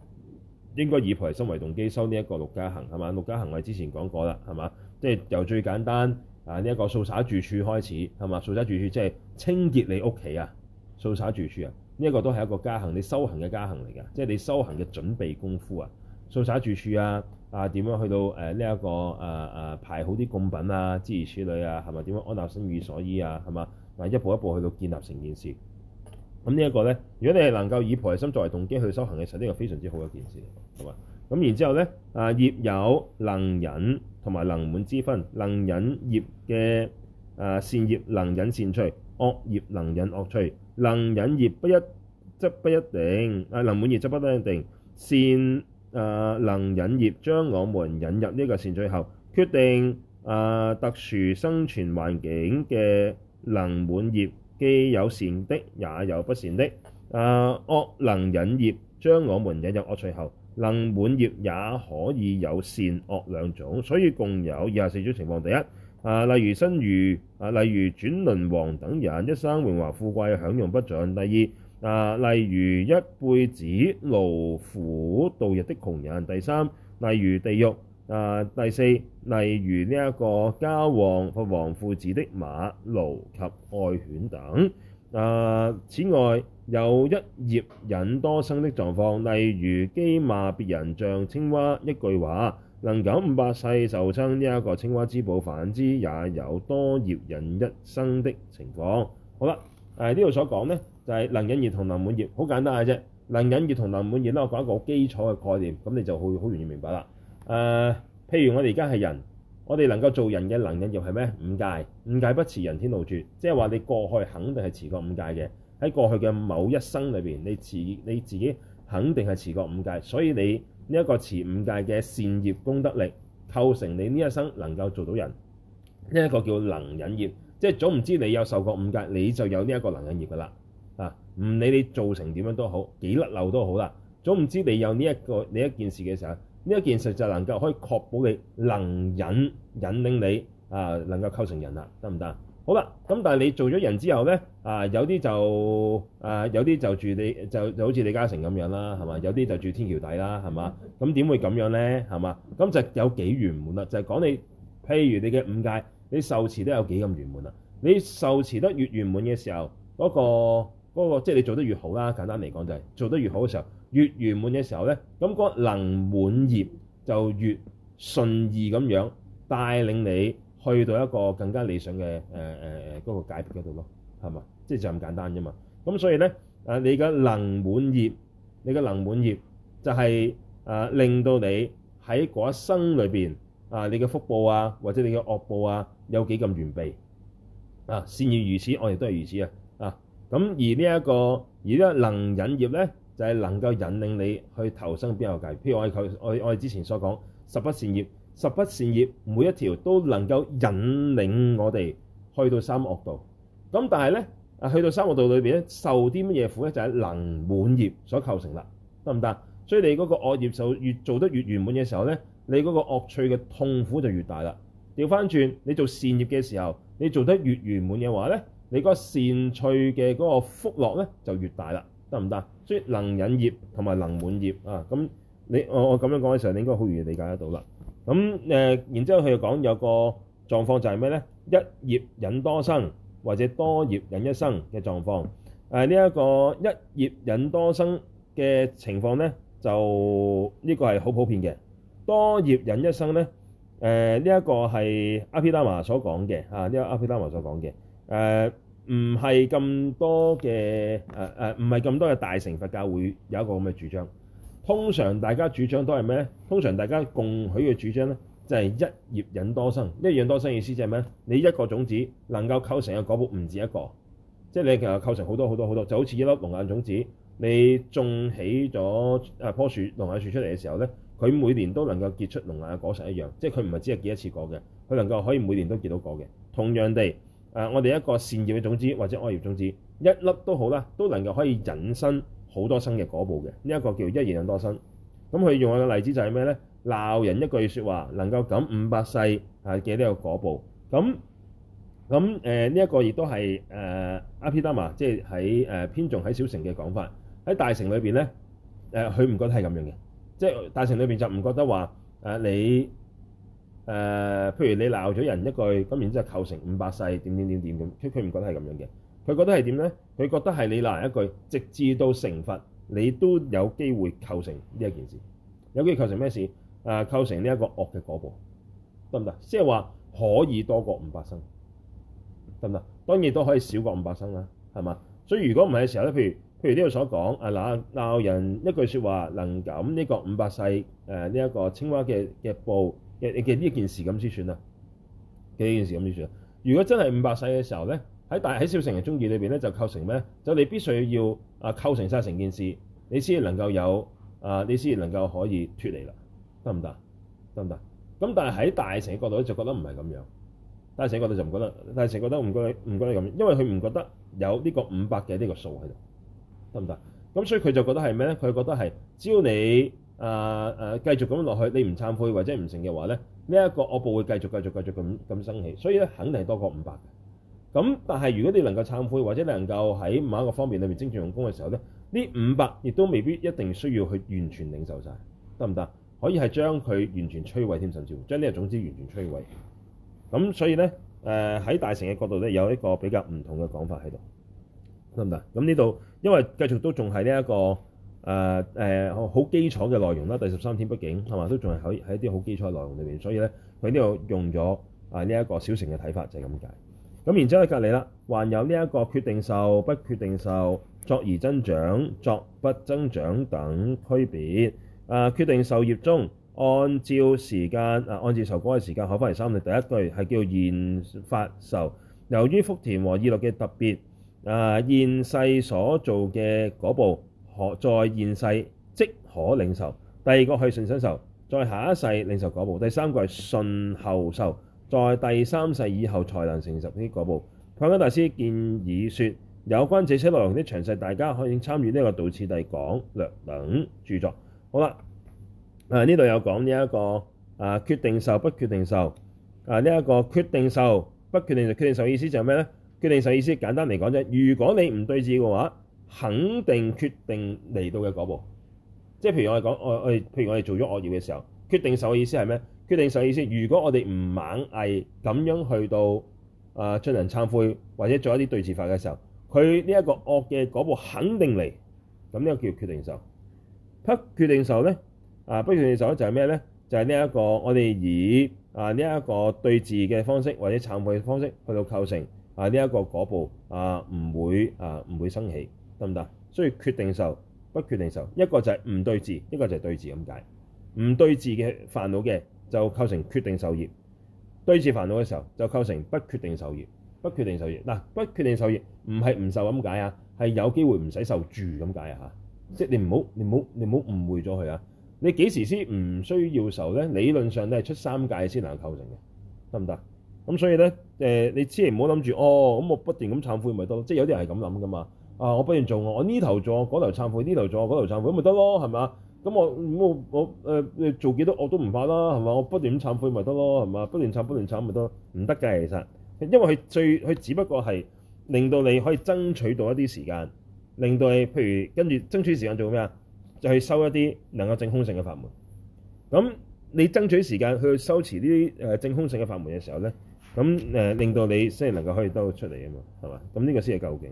應該以菩提心為動機修呢一個六加行，係嘛？六加行為之前講過啦，係嘛？即係由最簡單。啊！呢、這、一個掃灑住處開始係嘛？掃灑住處即係清潔你屋企啊！掃灑住處啊！呢、這、一個都係一個家行，你修行嘅家行嚟㗎。即係你修行嘅準備功夫啊！掃灑住處啊！啊點樣去到呢一、呃這個、啊啊、排好啲供品啊、諸如此類啊係咪點樣安布身語所依啊係嘛？嗱一步一步去到建立成件事。咁呢一個咧，如果你係能夠以菩提心作為動機去修行嘅時候，呢、這個非常之好一件事嚟係嘛？咁然之後咧，啊業有能引。同埋能滿之分，能引業嘅誒善業，能引善趣；惡業能引惡趣。能引業不一則不一定，誒能滿業則不一定。善誒能引業將我們引入呢個善趣後，決定誒特殊生存環境嘅能滿業，既有善的，也有不善的。誒惡能引業將我們引入惡趣後，能滿業也可以有善、惡兩種，所以共有以下四種情況。第一，啊，例如新遇，啊，例如轉輪王等人，一生榮華富貴，享用不盡。第二，啊，例如一輩子勞苦度日的窮人。第三，例如地獄。啊，第四，例如呢一個嘉旺佛王父子的馬、騾及愛犬等。誒、呃，此外有一業引多生的狀況，例如譏罵別人像青蛙，一句話能感五百世受生呢一個青蛙之報。反之也有多業引一生的情況。好啦，誒、呃、呢度所講呢就係、是、能引業同能滿業，好簡單嘅啫。能引業同能滿業，啦，我講一個基礎嘅概念，咁你就會好容易明白啦。誒、呃，譬如我哋而家係人。我哋能夠做人嘅能引業係咩？五戒，五戒不持人天路絕，即係話你過去肯定係持過五戒嘅。喺過去嘅某一生裏面，你持你自己肯定係持過五戒，所以你呢一個持五戒嘅善業功德力，構成你呢一生能夠做到人呢一個叫能引業。即係總唔知你有受過五戒，你就有呢一個能引業㗎啦。啊，唔理你做成點樣都好，幾甩漏都好啦，總唔知你有呢一個呢一件事嘅時候。呢一件事就能夠可以確保你能引，引領你啊，能夠構成人啦，得唔得？好啦，咁但係你做咗人之後呢，啊有啲就啊有啲就住李就就好似李嘉誠咁樣啦，係嘛？有啲就住天橋底啦，係嘛？咁點會咁樣呢？係嘛？咁就有幾圓滿啦，就係、是、講你譬如你嘅五戒，你受持都有幾咁圓滿啦。你受持得越圓滿嘅時候，嗰、那個嗰即係你做得越好啦。簡單嚟講就係、是、做得越好嘅時候。越圓滿嘅時候咧，咁嗰個能滿業就越順意咁樣帶領你去到一個更加理想嘅誒誒誒嗰個界別嗰度咯，係、就是、嘛？即係就咁簡單啫嘛。咁所以咧，誒你嘅能滿業，你嘅能滿業就係、是、誒、呃、令到你喺嗰一生裏邊啊，你嘅福報啊，或者你嘅惡報啊，有幾咁完備啊？善亦如此，我亦都係如此啊！啊咁而呢、這、一個而呢個能引業咧。就係能夠引領你去投生邊個界？譬如我哋我哋之前所講十不善業，十不善業每一條都能夠引領我哋去到三惡道。咁但係咧，啊去到三惡道裏邊咧，受啲乜嘢苦咧？就係、是、能滿業所構成啦，得唔得？所以你嗰個惡業就越做得越圓滿嘅時候咧，你嗰個惡趣嘅痛苦就越大啦。調翻轉，你做善業嘅時候，你做得越圓滿嘅話咧，你個善趣嘅嗰個福樂咧就越大啦。得唔得？所以能引業同埋能滿業啊！咁你我我咁樣講嘅時候，你應該好容易理解得到啦。咁誒，然之後佢又講有個狀況就係咩咧？一業引多生或者多業引一生嘅狀況。誒，呢一個一業引多生嘅情況咧，就呢個係好普遍嘅。多業引一生咧，誒，呢一個係阿皮達瑪所講嘅啊，呢個阿皮達瑪所講嘅誒。唔係咁多嘅誒誒，唔係咁多嘅大乘佛教會有一個咁嘅主張。通常大家主張都係咩咧？通常大家共許嘅主張咧，就係、是、一業引多生。一業引多生意思就係咩？你一個種子能夠構成嘅果報唔止一個，即係你其實構成好多好多好多，就好似一粒龍眼種子，你種起咗誒棵樹龍眼樹出嚟嘅時候咧，佢每年都能夠結出龍眼嘅果實一樣，即係佢唔係只係結一次果嘅，佢能夠可以每年都結到果嘅。同樣地。誒、啊，我哋一個善業嘅種子或者惡業種子，一粒都好啦，都能夠可以引生好多生嘅果報嘅。呢、這、一個叫一業引多生。咁佢用嘅例子就係咩咧？鬧人一句說話，能夠感五百世啊嘅呢個果報。咁咁誒，呢一、呃這個亦都係誒阿毗達磨，即係喺誒偏重喺小乘嘅講法。喺大乘裏邊咧，誒佢唔覺得係咁樣嘅，即、就、係、是、大乘裏邊就唔覺得話誒、呃、你。誒、呃，譬如你鬧咗人一句，咁然之後構成五百世點點點點咁，佢佢唔覺得係咁樣嘅。佢覺得係點咧？佢覺得係你鬧一句，直至到成佛，你都有機會構成呢一件事。有機會構成咩事？誒、呃，構成呢一個惡嘅果報，得唔得？即係話可以多過五百生，得唔得？當然都可以少過五百生啦，係嘛？所以如果唔係嘅時候咧，譬如譬如呢個所講，誒、啊、鬧人一句說話能咁呢個五百世呢一、呃這個青蛙嘅嘅報。你記呢一件事咁先算啦，記呢件事咁先算啦。如果真係五百世嘅時候咧，喺大喺小乘嘅中意裏邊咧，就構成咩？就你必須要啊構成曬成件事，你先能夠有啊，你先能夠可以脫離啦，得唔得？得唔得？咁但係喺大乘嘅角度咧，就覺得唔係咁樣。大乘嘅角度就唔覺得，大乘覺得唔覺得唔覺得咁樣，因為佢唔覺得有呢個五百嘅呢個數喺度，得唔得？咁所以佢就覺得係咩咧？佢覺得係只要你。啊啊！繼續咁落去，你唔懺悔或者唔成嘅話咧，呢、這、一個惡報會繼續繼續繼續咁咁生起，所以咧肯定係多過五百㗎。咁但係如果你能夠懺悔或者你能夠喺某一個方面裏面精進用功嘅時候咧，呢五百亦都未必一定需要去完全領受晒，得唔得？可以係將佢完全摧毀添，甚至乎將呢個種子完全摧毀。咁所以咧，誒、呃、喺大乘嘅角度咧，有呢個比較唔同嘅講法喺度，得唔得？咁呢度因為繼續都仲係呢一個。誒誒，好、呃呃、基礎嘅內容啦。第十三天畢竟係嘛，都仲係喺喺啲好基礎嘅內容裏面，所以咧佢呢度用咗啊呢一個小乘嘅睇法就，就係咁解。咁然之後喺隔離啦，還有呢一個決定受、不決定受、作而增長、作不增長等區別。誒、呃、決定受業中，按照時間啊，按照受果嘅時間可分為三類。第一句係叫現法受，由於福田和意樂嘅特別啊、呃、現世所做嘅嗰部。可在現世即可領受；第二個係順生受，在下一世領受果報；第三個係順後受，在第三世以後才能成熟呢個果報。帕繃喀大師建議說，有關這些內容的詳細，大家可以參與呢個《道次第廣略論》等著作。好啦，誒呢度有講呢一個誒、啊、決定受不決定受，誒呢一個決定受不決定決定受意思就係咩呢？決定受意思簡單嚟講啫，如果你唔對治嘅話，肯定決定嚟到嘅果報，即係譬如我哋講，我我譬如我哋做咗惡業嘅時候，決定受嘅意思係咩？決定受嘅意思，如果我哋唔猛毅咁樣去到啊，進行懺悔或者做一啲對峙法嘅時候，佢呢一個惡嘅果報肯定嚟，咁呢個叫決定受。不決定受咧啊，不決定受咧就係咩咧？就係呢一個我哋以啊呢一個對峙嘅方式或者懺悔嘅方式去到構成啊呢一個果報啊唔會啊唔會生起。得唔得？所以決定受不決定受，一個就係唔對治，一個就係對治咁解。唔對治嘅煩惱嘅就構成決定受業，對治煩惱嘅時候就構成不決定受業。不決定受業嗱，不決定受業唔係唔受咁解啊，係有機會唔使受住咁解啊嚇。即係你唔好你唔好你唔好誤會咗佢啊。你幾時先唔需要受咧？理論上都係出三界先能夠構成嘅，得唔得？咁所以咧誒、呃，你千祈唔好諗住哦咁，我不斷咁懺悔咪得咯。即係有啲人係咁諗噶嘛。啊！我不斷做我呢頭做，嗰頭懺悔，呢頭做，嗰頭懺悔咁咪得咯，係咪？咁我咁我我誒、呃、做幾多我都唔怕啦，係咪？我不斷咁懺悔咪得咯，係嘛？不斷懺不斷懺咪得咯，唔得㗎。其實因為佢最佢只不過係令到你可以爭取到一啲時間，令到你譬如跟住爭取啲時間做咩啊？就去收一啲能夠正空性嘅法門。咁你爭取啲時間去收持呢啲誒正空性嘅法門嘅時候咧，咁誒、呃、令到你先係能夠可以得到出嚟啊嘛，係嘛？咁呢個先係究竟。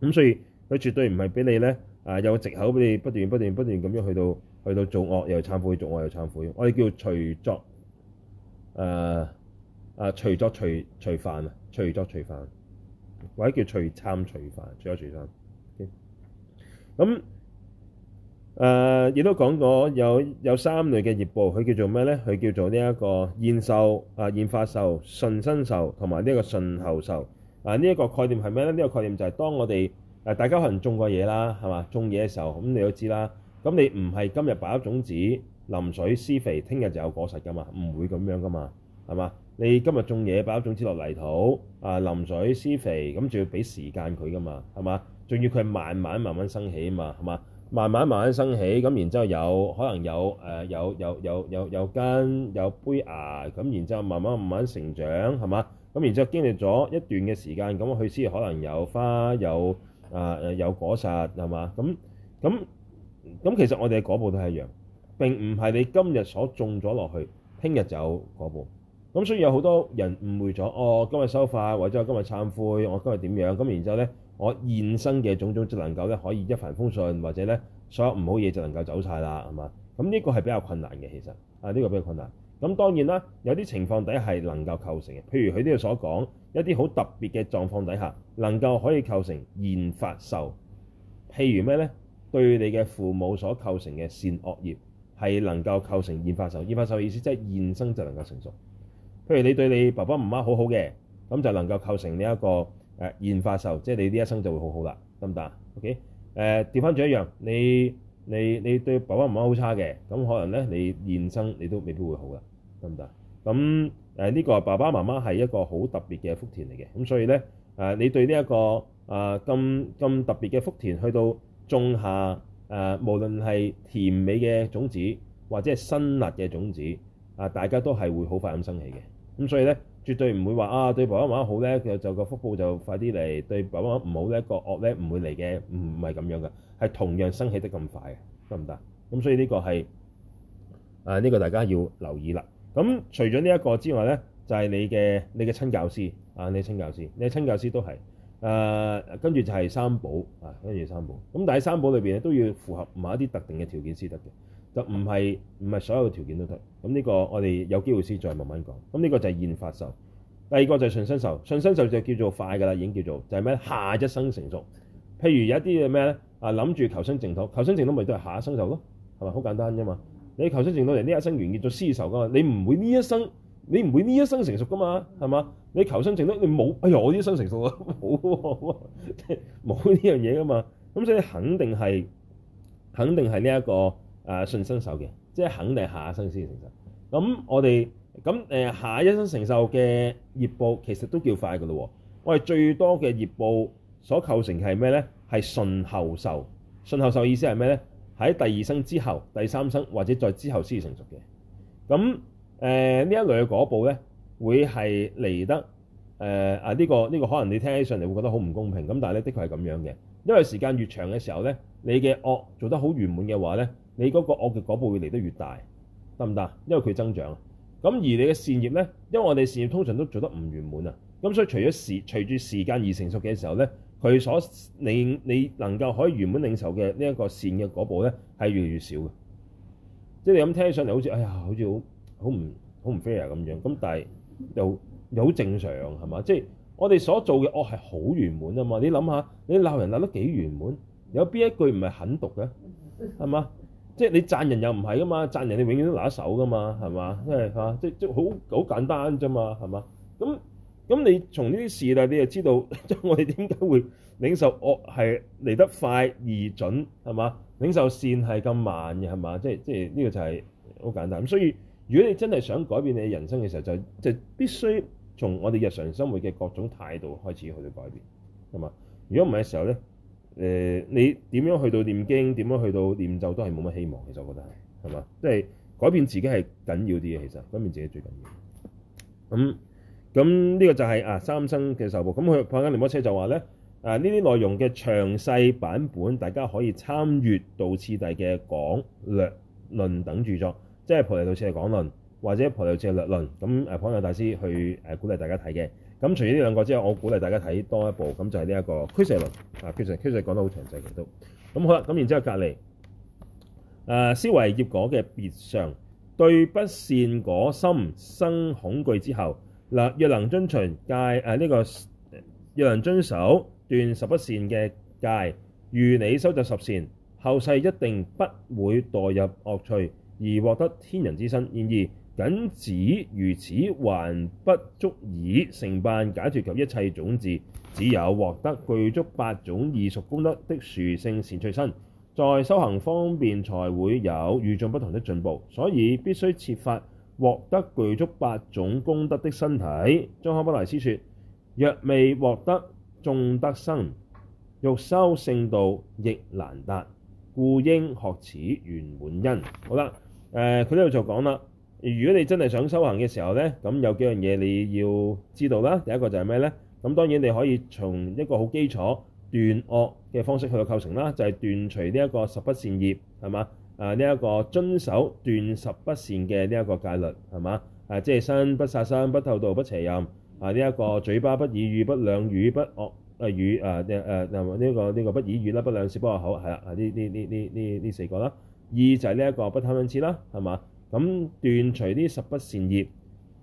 咁、嗯、所以佢絕對唔係俾你咧，啊、呃、有個藉口俾你不斷不斷不斷咁樣去到去到做惡又懺悔，做惡又懺悔。我哋叫除作，誒誒除作除除犯啊，除作除犯，或者叫除參除犯，除作、除犯。咁誒亦都講過有有三類嘅業報，佢叫做咩咧？佢叫做呢一個現受啊，現法受、順生受同埋呢一個順後受。啊！呢、這、一個概念係咩咧？呢、這個概念就係當我哋誒大家可能種過嘢啦，係嘛？種嘢嘅時候，咁你都知啦。咁你唔係今日擺粒種子，淋水施肥，聽日就有果實噶嘛？唔會咁樣噶嘛？係嘛？你今日種嘢，擺粒種子落泥土，啊淋水施肥，咁仲要俾時間佢噶嘛？係嘛？仲要佢慢慢慢慢生起啊嘛？係嘛？慢慢慢慢生起，咁然之後有可能有誒、呃、有有有有有根有胚芽，咁然之後慢慢慢慢成長，係嘛？咁然之後經歷咗一段嘅時間，咁佢先可能有花，有啊、呃、有果實，係嘛？咁咁咁其實我哋果報都係一樣，並唔係你今日所種咗落去，聽日就有果報。咁、嗯、所以有好多人誤會咗，我、哦、今日修法，或者我今日懺悔，我今日點樣？咁然之後咧，我現生嘅種種，只能夠咧可以一帆風順，或者咧所有唔好嘢就能夠走晒啦，係嘛？咁、嗯、呢、這個係比較困難嘅，其實啊呢、這個比較困難。咁當然啦，有啲情況底下係能夠構成嘅，譬如佢呢度所講，一啲好特別嘅狀況底下，能夠可以構成現法受。譬如咩呢？對你嘅父母所構成嘅善惡業，係能夠構成現法受。現法受嘅意思即係現生就能夠成熟。譬如你對你爸爸媽媽好好嘅，咁就能夠構成你一個誒現法受，即係你呢一生就會好好啦，得唔得啊？OK，誒調翻轉一樣，你。你你對爸爸媽媽好差嘅，咁可能咧，你現生你都未必會好㗎，得唔得？咁誒呢個爸爸媽媽係一個好特別嘅福田嚟嘅，咁所以咧誒、啊、你對呢、這、一個啊咁咁特別嘅福田去到種下誒、啊、無論係甜美嘅種子或者係辛辣嘅種子啊，大家都係會好快咁生起嘅，咁所以咧。絕對唔會話啊，對爸爸媽媽好咧，佢就個福報就快啲嚟；對爸爸媽媽唔好咧，個惡咧唔會嚟嘅，唔係咁樣嘅，係同樣升起得咁快嘅，得唔得？咁所以呢個係啊，呢個大家要留意啦。咁除咗呢一個之外咧，就係你嘅你嘅親教師啊，你嘅親教師，你嘅親教師都係誒，跟住就係三寶啊，跟住三寶。咁但係三寶裏邊咧都要符合某一啲特定嘅條件先得嘅。就唔係唔係所有的條件都得，咁呢個，我哋有機會先再慢慢講。咁呢個就係現法受，第二個就係順生受。順生受就叫做快噶啦，已經叫做就係、是、咩下一生成熟。譬如有一啲嘅咩咧啊，諗住求，求生淨土，求生淨土咪都係下一生受咯，係咪好簡單啫嘛？你求生淨土人呢一生完結咗絲仇噶嘛？你唔會呢一生，你唔會呢一生成熟噶嘛？係嘛？你求生淨土你冇哎呀，我呢一生成熟啊冇即係冇呢樣嘢噶嘛？咁所以肯定係肯定係呢一個。誒順生受嘅，即係肯定下一生先至成熟。咁我哋咁、呃、下一生承受嘅業報，其實都叫快噶咯。我哋最多嘅業報所構成係咩咧？係順後受。順後受意思係咩咧？喺第二生之後、第三生或者再之後先至成熟嘅。咁呢、呃、一類嘅果報咧，會係嚟得誒啊！呢、呃這個呢、這個可能你聽起上嚟會覺得好唔公平咁，但係咧的確係咁樣嘅，因為時間越長嘅時候咧，你嘅惡，惡做得好圓滿嘅話咧。你嗰個惡嘅果報會嚟得越大，得唔得？因為佢增長啊。咁而你嘅善業咧，因為我哋善業通常都做得唔圓滿啊。咁所以除咗時，隨住時間而成熟嘅時候咧，佢所你你能夠可以圓滿領受嘅呢一個善嘅果報咧，係越嚟越少嘅。即係你咁聽起上嚟好似，哎呀，好似好好唔好唔 fair 咁樣。咁但係又又好正常係嘛？即係我哋所做嘅惡係好圓滿啊嘛。你諗下，你鬧人鬧得幾圓滿？有邊一句唔係狠毒嘅係嘛？即係你讚人又唔係㗎嘛，讚人你永遠都拿手㗎嘛，係嘛？因為嚇，即係即係好好簡單啫嘛，係嘛？咁咁你從呢啲事例你就知道我哋點解會領受惡係嚟得快而準，係嘛？領受善係咁慢嘅，係嘛？即係即係呢個就係好簡單。咁所以如果你真係想改變你人生嘅時候，就就必須從我哋日常生活嘅各種態度開始去改變，係嘛？如果唔係嘅時候咧？誒、呃，你點樣去到念經，點樣去到念咒都係冇乜希望。其實我覺得係，係嘛？即係改變自己係緊要啲嘅，其實改變自己最緊要的。咁咁呢個就係、是、啊三生嘅受報。咁佢帕繃喀仁波切就話咧，誒呢啲內容嘅詳細版本，大家可以參閲《道次第的》嘅廣略論等著作，即係《菩提道次第廣論》或者《菩提道次第略論》咁誒，帕繃喀大師去誒、呃、鼓勵大家睇嘅。咁除咗呢兩個之外，我鼓勵大家睇多一部，咁就係呢一個《俱舍論》啊，《俱舍》《俱舍》講得好詳細嘅都。咁好啦，咁然之後隔離，誒，思惟業果嘅別相，對不善果心生恐懼之後，嗱，若能遵循戒誒呢個，若能遵守斷十不善嘅戒，如理修習十善，後世一定不會墮入惡趣，而獲得天人之身，然而，僅止如此還不足以成辦解脱及一切種智只有獲得具足八種異熟功德的殊勝善趣身，在修行方面才會有與眾不同的進步。所以必須設法獲得具足八種功德的身體。宗喀巴大師說：，若未獲得眾德身，欲修勝道亦難達，故應學此圓滿因。好啦，誒、呃，佢呢度就講啦。如果你真係想修行嘅時候咧，咁有幾樣嘢你要知道啦。第一個就係咩咧？咁當然你可以從一個好基礎斷惡嘅方式去到構成啦，就係、是、斷除呢一個十不善業，係嘛？誒呢一個遵守斷十不善嘅呢一個戒律，係嘛？誒、啊、即係身不殺生、不偷盜、不邪淫，啊呢一、這個嘴巴不妄語、不兩語、不惡誒語誒誒誒，呢、呃呃呃呃這個呢、這個不妄語啦，不兩舌不惡口，係啦，啊呢呢呢呢呢呢四個啦。二就係呢一個不貪瞋痴啦，係嘛？咁斷除啲十不善業，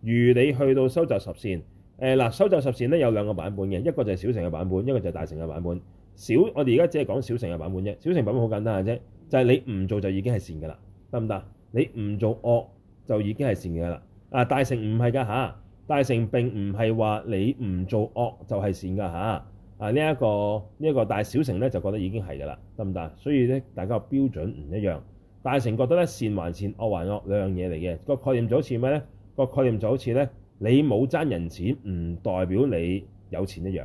如你去到收集十善，誒、呃、嗱收集十善咧有兩個版本嘅，一個就係小乘嘅版本，一個就係大乘嘅版本。小我哋而家只係講小乘嘅版本啫，小乘版本好簡單嘅啫，就係、是、你唔做就已經係善嘅啦，得唔得？你唔做惡就已經係善嘅啦。啊大乘唔係㗎吓，大乘並唔係話你唔做惡就係善㗎吓。啊呢一、這個呢一、這個大小乘咧就覺得已經係嘅啦，得唔得？所以咧大家個標準唔一樣。大成覺得咧善還善，惡還惡，兩樣嘢嚟嘅。個概念就好似咩咧？個概念就好似咧，你冇爭人錢唔代表你有錢一樣，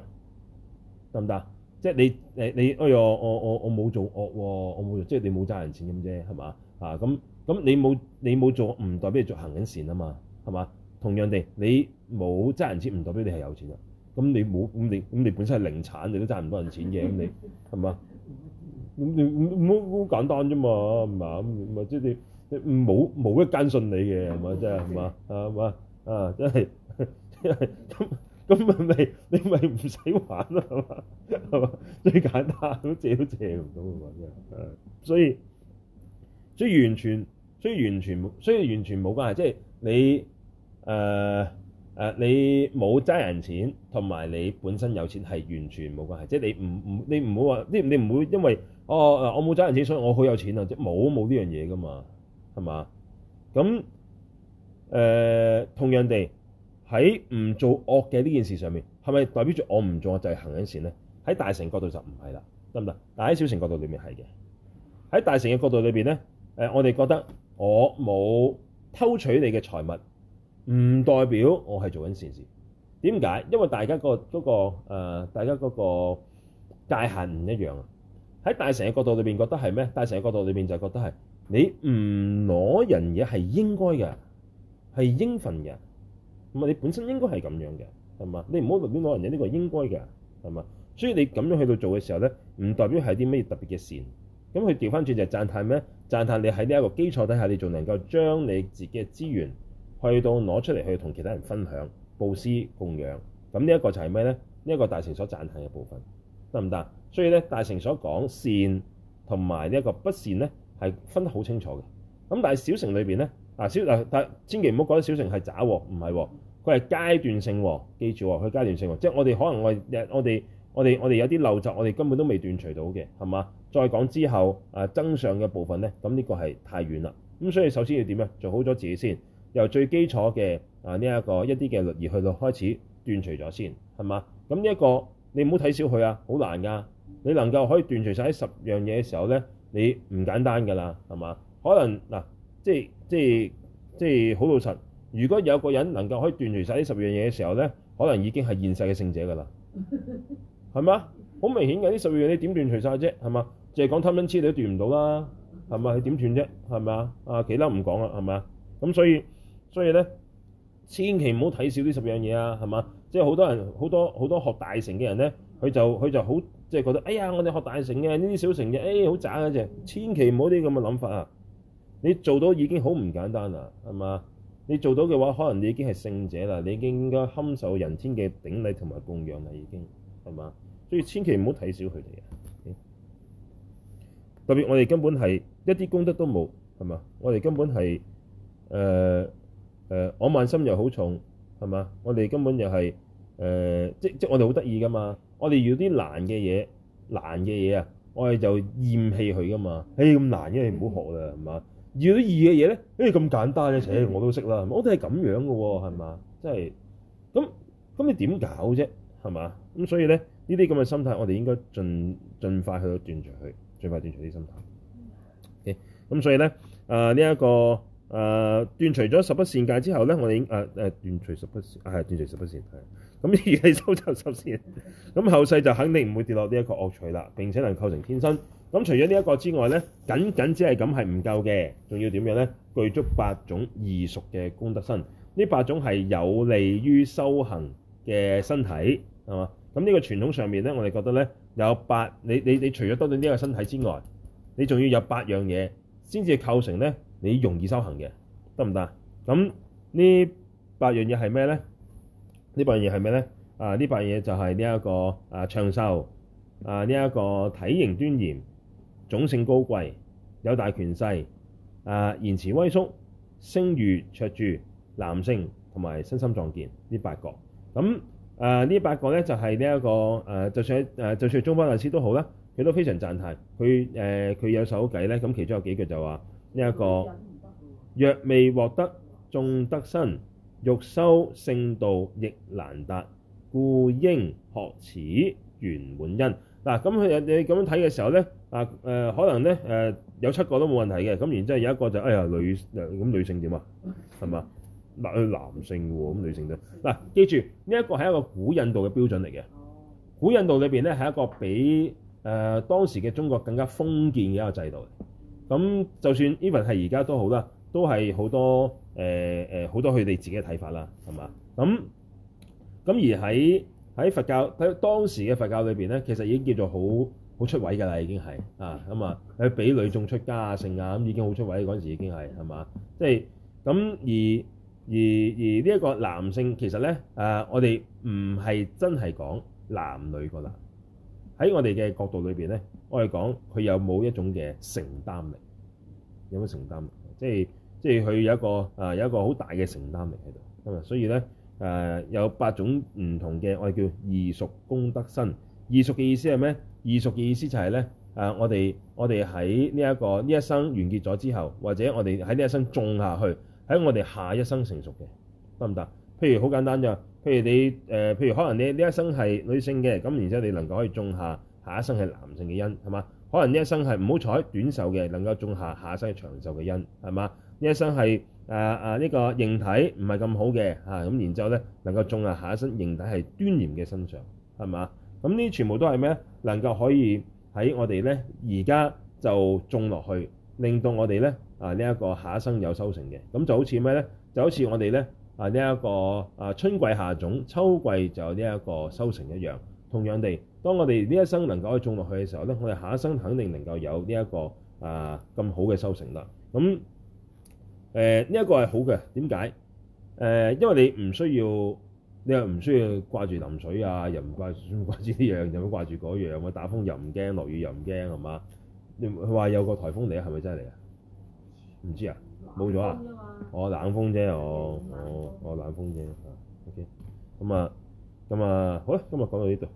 得唔得？即係你誒你，你哎呦我我我冇做惡喎，我冇即係你冇爭人錢咁啫，係嘛？啊咁咁你冇你冇做唔代表你做行緊善啊嘛，係嘛？同樣地，你冇爭人錢唔代表你係有錢啊。咁你冇咁你咁你本身係零產，你都爭唔到人錢嘅，咁你係嘛？咁你唔好好簡單啫嘛，係嘛？咁咪即係你，你冇冇一間信你嘅，係咪即係係嘛？係嘛、啊啊？啊，真係真係咁咁咪咪你咪唔使玩啦，係嘛？係嘛？最簡單，借都借唔到，係咪先？係，所以所以完全所以完全所以完全冇關係，即係你誒誒你冇揸人錢，同埋你本身有錢係完全冇關係，即係你唔唔你唔好話，你你唔會因為。哦我冇賺人錢，所以我好有錢啊！即冇冇呢樣嘢㗎嘛，係嘛？咁、呃、同樣地喺唔做惡嘅呢件事上面，係咪代表住我唔做惡就係行緊善咧？喺大乘角度就唔係啦，得唔得？但喺小乘角度裏面係嘅。喺大乘嘅角度裏面咧、呃，我哋覺得我冇偷取你嘅財物，唔代表我係做緊善事。點解？因為大家、嗰個嗰、嗰個、呃、大家嗰個界限唔一樣啊。喺大成嘅角度裏面覺得係咩？大成嘅角度裏面就覺得係你唔攞人嘢係應該嘅，係應份嘅。咁啊，你本身應該係咁樣嘅，係嘛？你唔好亂攞人嘢，呢個應該嘅，係嘛？所以你咁樣去到做嘅時候咧，唔代表係啲咩特別嘅善。咁佢調翻轉就係讚歎咩？讚歎你喺呢一個基礎底下，你仲能夠將你自己嘅資源去到攞出嚟去同其他人分享、布施、供養，咁呢一個就係咩咧？呢一個大成所讚歎嘅部分。得唔得？所以咧，大成所講善同埋呢一個不善咧，係分得好清楚嘅。咁但係小城裏邊咧，嗱小嗱，但千祈唔好覺得「小成係渣喎，唔係喎，佢係階段性喎，記住喎，佢階段性喎，即係我哋可能我哋我哋我哋有啲陋習，我哋根本都未斷除到嘅，係嘛？再講之後啊，增上嘅部分咧，咁呢個係太遠啦。咁所以首先要點咧？做好咗自己先，由最基礎嘅啊呢一個一啲嘅律儀去到開始斷除咗先，係嘛？咁呢一個。你唔好睇小佢啊，好難噶。你能夠可以斷除晒呢十樣嘢嘅時候咧，你唔簡單噶啦，係嘛？可能嗱，即係即係即係好老實。如果有個人能夠可以斷除晒呢十樣嘢嘅時候咧，可能已經係現世嘅聖者噶啦，係嘛？好明顯嘅，呢十樣嘢你點斷除晒啫，係嘛？淨係講貪嗔痴你都斷唔到啦，係嘛？你點斷啫？係咪啊？啊，其他唔講啦，係咪啊？咁所以所以咧，千祈唔好睇小呢十樣嘢啊，係嘛？即係好多人，好多好多學大乘嘅人咧，佢就佢就好，即係覺得，哎呀，我哋學大乘嘅呢啲小乘嘅，哎，好渣嘅啫，千祈唔好啲咁嘅諗法啊！你做到已經好唔簡單啦，係嘛？你做到嘅話，可能你已經係聖者啦，你已經應該堪受人天嘅頂禮同埋供養啦，已經係嘛？所以千祈唔好睇小佢哋啊！特別我哋根本係一啲功德都冇，係嘛？我哋根本係誒誒，我慢心又好重。係、就是呃、嘛？我哋根本就係誒，即即我哋好得意噶嘛！我哋遇到啲難嘅嘢，難嘅嘢啊，我哋就厭棄佢噶嘛！誒咁難嘅嘢唔好學啦，係嘛？遇到啲易嘅嘢咧，誒、欸、咁簡單嘅事我都識啦，我哋係咁樣噶喎，係嘛？即係咁咁你點搞啫？係嘛？咁所以咧，呢啲咁嘅心態，我哋應該盡盡快去到斷除佢，盡快斷除啲心態。o、okay，咁所以咧，誒呢一個。誒、呃、斷除咗十不善戒之後咧，我哋已經、呃呃、斷除十不善，係、啊、斷除十不善，咁而係修習十善，咁 後世就肯定唔會跌落呢一個惡趣啦。並且能構成天身。咁除咗呢一個之外咧，僅僅只係咁係唔夠嘅，仲要點樣咧？具足八種異熟嘅功德身，呢八種係有利於修行嘅身體，係嘛？咁呢個傳統上面咧，我哋覺得咧有八，你你你除咗得到呢個身體之外，你仲要有八樣嘢先至構成咧。你容易修行嘅得唔得？咁呢這八樣嘢係咩咧？呢、呃、八樣嘢係咩咧？啊、呃！呢八樣嘢就係呢一個啊長壽、啊呢一個體型端嚴、種性高貴、有大權勢啊、言、呃、辭威肅、聲譽卓著、男性同埋身心壯健呢八個。咁啊呢八個咧就係呢一個誒、呃，就算誒、呃、就算宗喀巴大師都好啦，佢都非常讚歎佢誒佢有首偈咧。咁其中有幾句就話。呢一個若未獲得眾德身，欲修勝道亦難達，故應學此圓滿因。嗱、啊，咁佢你咁樣睇嘅時候咧，啊誒、呃，可能咧誒、呃、有七個都冇問題嘅，咁然之後有一個就哎呀女咁、呃、女性點啊，係嘛？嗱，男性喎，咁女性就嗱、啊，記住呢一個係一個古印度嘅標準嚟嘅，古印度裏邊咧係一個比誒、呃、當時嘅中國更加封建嘅一個制度。咁就算 even 係而家都好啦，都係好多誒誒好多佢哋自己嘅睇法啦，係嘛？咁咁而喺喺佛教喺當時嘅佛教裏邊咧，其實已經叫做好好出位㗎啦，已經係啊咁啊，佢俾女眾出家啊，聖啊，咁已經好出位嗰陣時已經係係嘛？即係咁而而而呢一個男性其實咧誒、啊，我哋唔係真係講男女㗎啦，喺我哋嘅角度裏邊咧。我哋講佢有冇一種嘅承擔力，有冇承擔力？即係即係佢有一個、呃、有一個好大嘅承擔力喺度，所以咧、呃、有八種唔同嘅我哋叫異熟功德身。異熟嘅意思係咩？異熟嘅意思就係、是、咧、呃、我哋我哋喺呢一個呢一生完結咗之後，或者我哋喺呢一生種下去，喺我哋下一生成熟嘅，得唔得？譬如好簡單嘅，譬如你、呃、譬如可能你呢一生係女性嘅，咁然之後你能夠可以種下。下一生係男性嘅因，係嘛？可能呢一生係唔好彩短壽嘅，能夠種下下一生係長壽嘅因，係嘛？呢一生係、呃、啊啊呢、呢個形體唔係咁好嘅嚇，咁、啊、然之後咧能夠種下下一生形體係端嚴嘅身上，係嘛？咁呢全部都係咩？能夠可以喺我哋咧而家就種落去，令到我哋咧啊呢一個下一生有收成嘅。咁就好似咩咧？就好似我哋咧啊呢一個啊春季夏種，秋季就有呢一個收成一樣，同樣地。當我哋呢一生能夠種落去嘅時候咧，我哋下一生肯定能夠有呢、這、一個啊咁好嘅收成啦。咁誒呢一個係好嘅，點解？誒、呃，因為你唔需要你又唔需要掛住淋水啊，又唔掛唔掛住呢樣，又唔掛住嗰樣，打風又唔驚，落雨又唔驚，係嘛？你話有個颱風嚟啊？係咪真係嚟啊？唔知啊，冇咗啊！我冷風啫，我我我冷風啫、嗯。O.K. 咁啊，咁、嗯、啊、嗯嗯，好啦，今日講到呢度。